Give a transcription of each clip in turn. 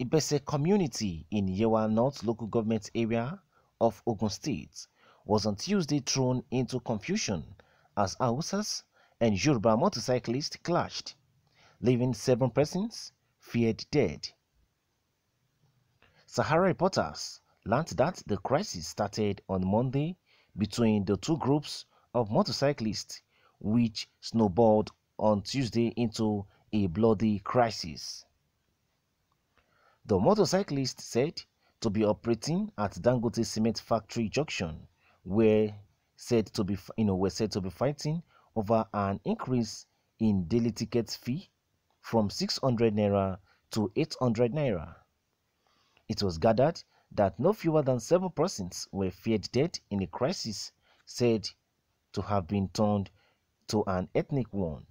Ibese community in Yewa North local government area of Ogun State was on Tuesday thrown into confusion as Hausas and Yoruba motorcyclists clashed, leaving seven persons feared dead. Sahara reporters learned that the crisis started on Monday between the two groups of motorcyclists, which snowballed on Tuesday into a bloody crisis. The motorcyclist said to be operating at Dangote Cement Factory Junction were said to be you know were said to be fighting over an increase in daily ticket fee from 600 naira to 800 naira. It was gathered that no fewer than seven persons were feared dead in a crisis said to have been turned to an ethnic one.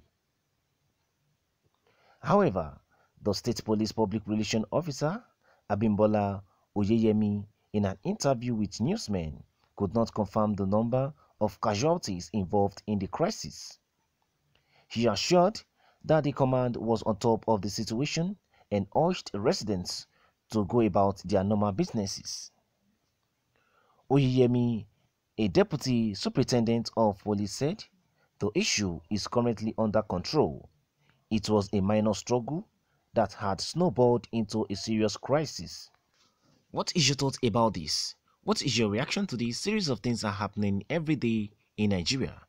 However, the State Police Public Relations Officer, Abimbola Oyeyemi, in an interview with newsmen, could not confirm the number of casualties involved in the crisis. He assured that the command was on top of the situation and urged residents to go about their normal businesses. Oyeyemi, a deputy superintendent of police, said the issue is currently under control. It was a minor struggle that had snowballed into a serious crisis. What is your thought about this? What is your reaction to this series of things that are happening every day in Nigeria?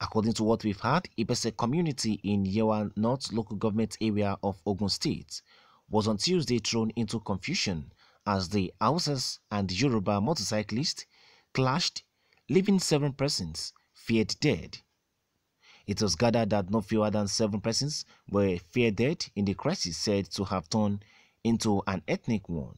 According to what we've heard, Ibese community in Yewa North local government area of Ogun State was on Tuesday thrown into confusion as the Hausas and Yoruba motorcyclists clashed, leaving seven persons feared dead it was gathered that no fewer than seven persons were feared dead in the crisis said to have turned into an ethnic one.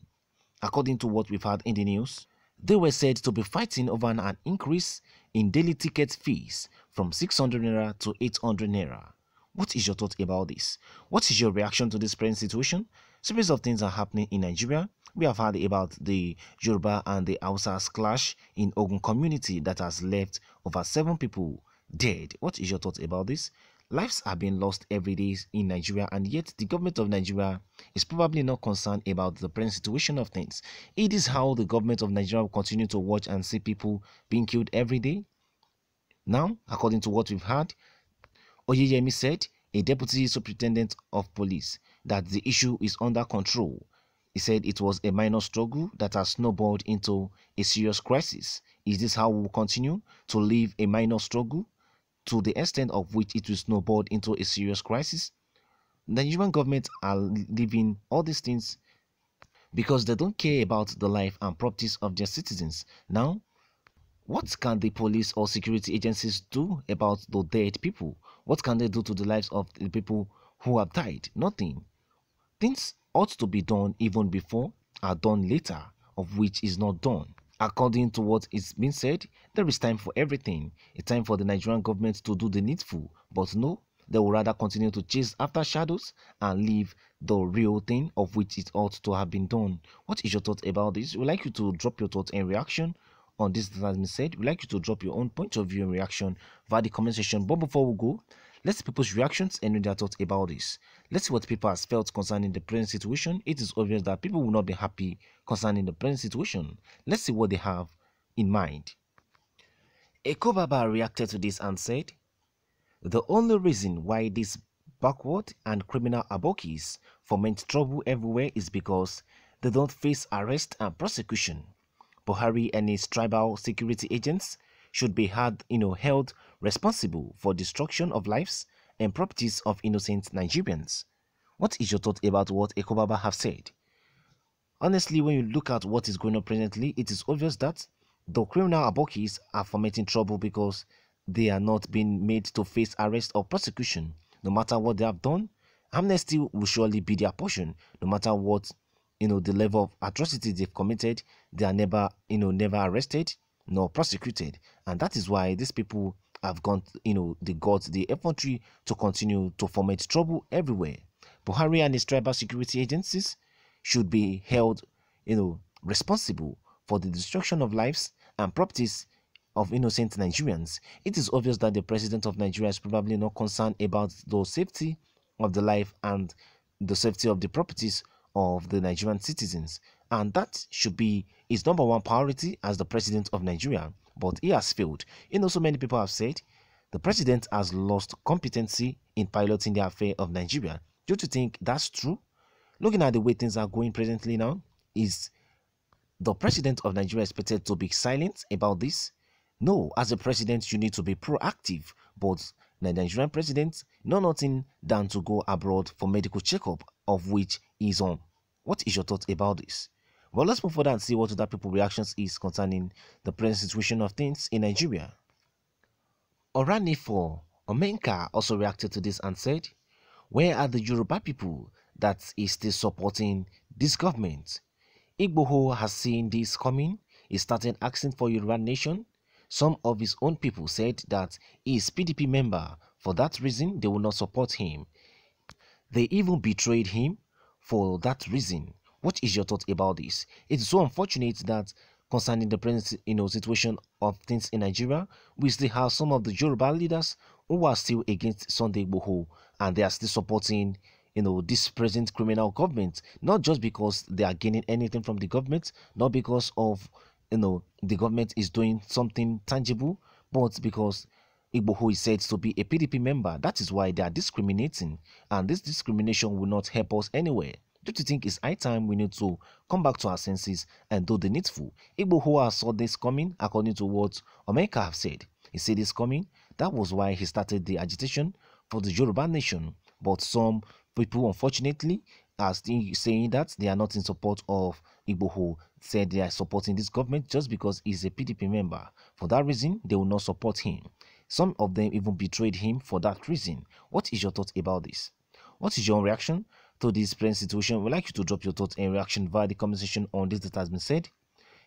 According to what we've heard in the news, they were said to be fighting over an increase in daily ticket fees from 600 naira to 800 naira. What is your thought about this? What is your reaction to this present situation? Series of things are happening in Nigeria. We have heard about the Yoruba and the Hausas clash in Ogun community that has left over seven people dead. What is your thoughts about this? Lives are being lost every day in Nigeria, and yet the government of Nigeria is probably not concerned about the present situation of things. It is how the government of Nigeria will continue to watch and see people being killed every day. Now, according to what we've heard, Oyeyemi said, a deputy superintendent of police, that the issue is under control. He said it was a minor struggle that has snowballed into a serious crisis. Is this how we will continue to live a minor struggle? to the extent of which it will snowball into a serious crisis. The Nigerian government are leaving all these things because they don't care about the life and properties of their citizens. Now, what can the police or security agencies do about the dead people? What can they do to the lives of the people who have died? Nothing. Things ought to be done even before are done later, of which is not done. According to what is being said, there is time for everything. It's time for the Nigerian government to do the needful. But no, they will rather continue to chase after shadows and leave the real thing of which it ought to have been done. What is your thought about this? We'd like you to drop your thought and reaction on this that has been said. We'd like you to drop your own point of view and reaction via the comment section. But before we go, Let's see people's reactions and their thoughts about this. Let's see what people have felt concerning the present situation. It is obvious that people will not be happy concerning the present situation. Let's see what they have in mind. Eko Baba reacted to this and said, The only reason why these backward and criminal abokis foment trouble everywhere is because they don't face arrest and prosecution. Buhari and his tribal security agents should be had, you know, held responsible for destruction of lives and properties of innocent Nigerians. What is your thought about what Ekobaba have said? Honestly, when you look at what is going on presently, it is obvious that the criminal abokis are fomenting trouble because they are not being made to face arrest or prosecution. No matter what they have done, amnesty will surely be their portion. No matter what, you know, the level of atrocity they've committed, they are never, you know, never arrested, nor prosecuted. And that is why these people have gone, you know, they got the infantry to continue to foment trouble everywhere. Buhari and his tribal security agencies should be held, you know, responsible for the destruction of lives and properties of innocent Nigerians. It is obvious that the president of Nigeria is probably not concerned about the safety of the life and the safety of the properties of the Nigerian citizens and that should be his number one priority as the president of Nigeria, but he has failed. You know, so many people have said the president has lost competency in piloting the affair of Nigeria. do you think that's true? Looking at the way things are going presently now, is the president of Nigeria expected to be silent about this? No, as a president, you need to be proactive, but the Nigerian president no nothing than to go abroad for medical checkup, of which he's is on. What is your thought about this? But let's move further and see what other people's reactions is concerning the present situation of things in Nigeria. for Omenka also reacted to this and said, Where are the Yoruba people that is still supporting this government? Igboho has seen this coming. He started asking for Yoruba nation. Some of his own people said that he is PDP member. For that reason, they will not support him. They even betrayed him for that reason. What is your thought about this? It's so unfortunate that concerning the present you know, situation of things in Nigeria, we still have some of the Yoruba leaders who are still against Sunday Boho and they are still supporting you know this present criminal government not just because they are gaining anything from the government not because of you know the government is doing something tangible but because Iboho is said to be a PDP member that is why they are discriminating and this discrimination will not help us anywhere don't you think it's high time we need to come back to our senses and do the needful? Igbo who saw this coming, according to what Omeka have said, he said this coming. That was why he started the agitation for the Yoruba nation. But some people, unfortunately, are still saying that they are not in support of Igbo who said they are supporting this government just because he's a PDP member. For that reason, they will not support him. Some of them even betrayed him for that reason. What is your thought about this? What is your reaction? to this present situation, we'd like you to drop your thoughts and reaction via the conversation on this that has been said.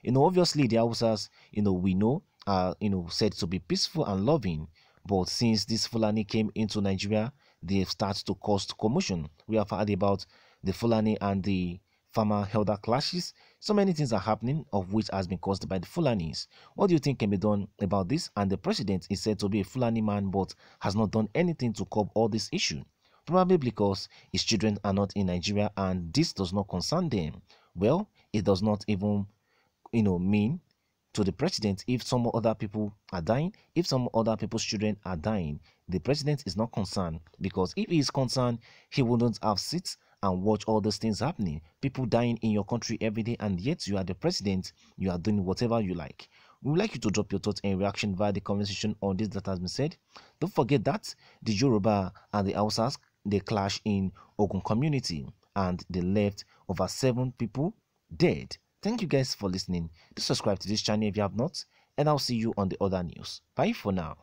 You know, obviously the Hausas, you know, we know are you know said to be peaceful and loving, but since this Fulani came into Nigeria, they've started to cause commotion. We have heard about the Fulani and the farmer helder clashes. So many things are happening, of which has been caused by the Fulanis. What do you think can be done about this? And the president is said to be a Fulani man, but has not done anything to curb all this issue probably because his children are not in Nigeria and this does not concern them. Well, it does not even, you know, mean to the president if some other people are dying, if some other people's children are dying. The president is not concerned because if he is concerned, he wouldn't have seats and watch all these things happening. People dying in your country every day and yet you are the president, you are doing whatever you like. We would like you to drop your thoughts and reaction via the conversation on this that has been said. Don't forget that the Yoruba and the Hausas the clash in Ogun community and they left over seven people dead. Thank you guys for listening. Please subscribe to this channel if you have not and I'll see you on the other news. Bye for now.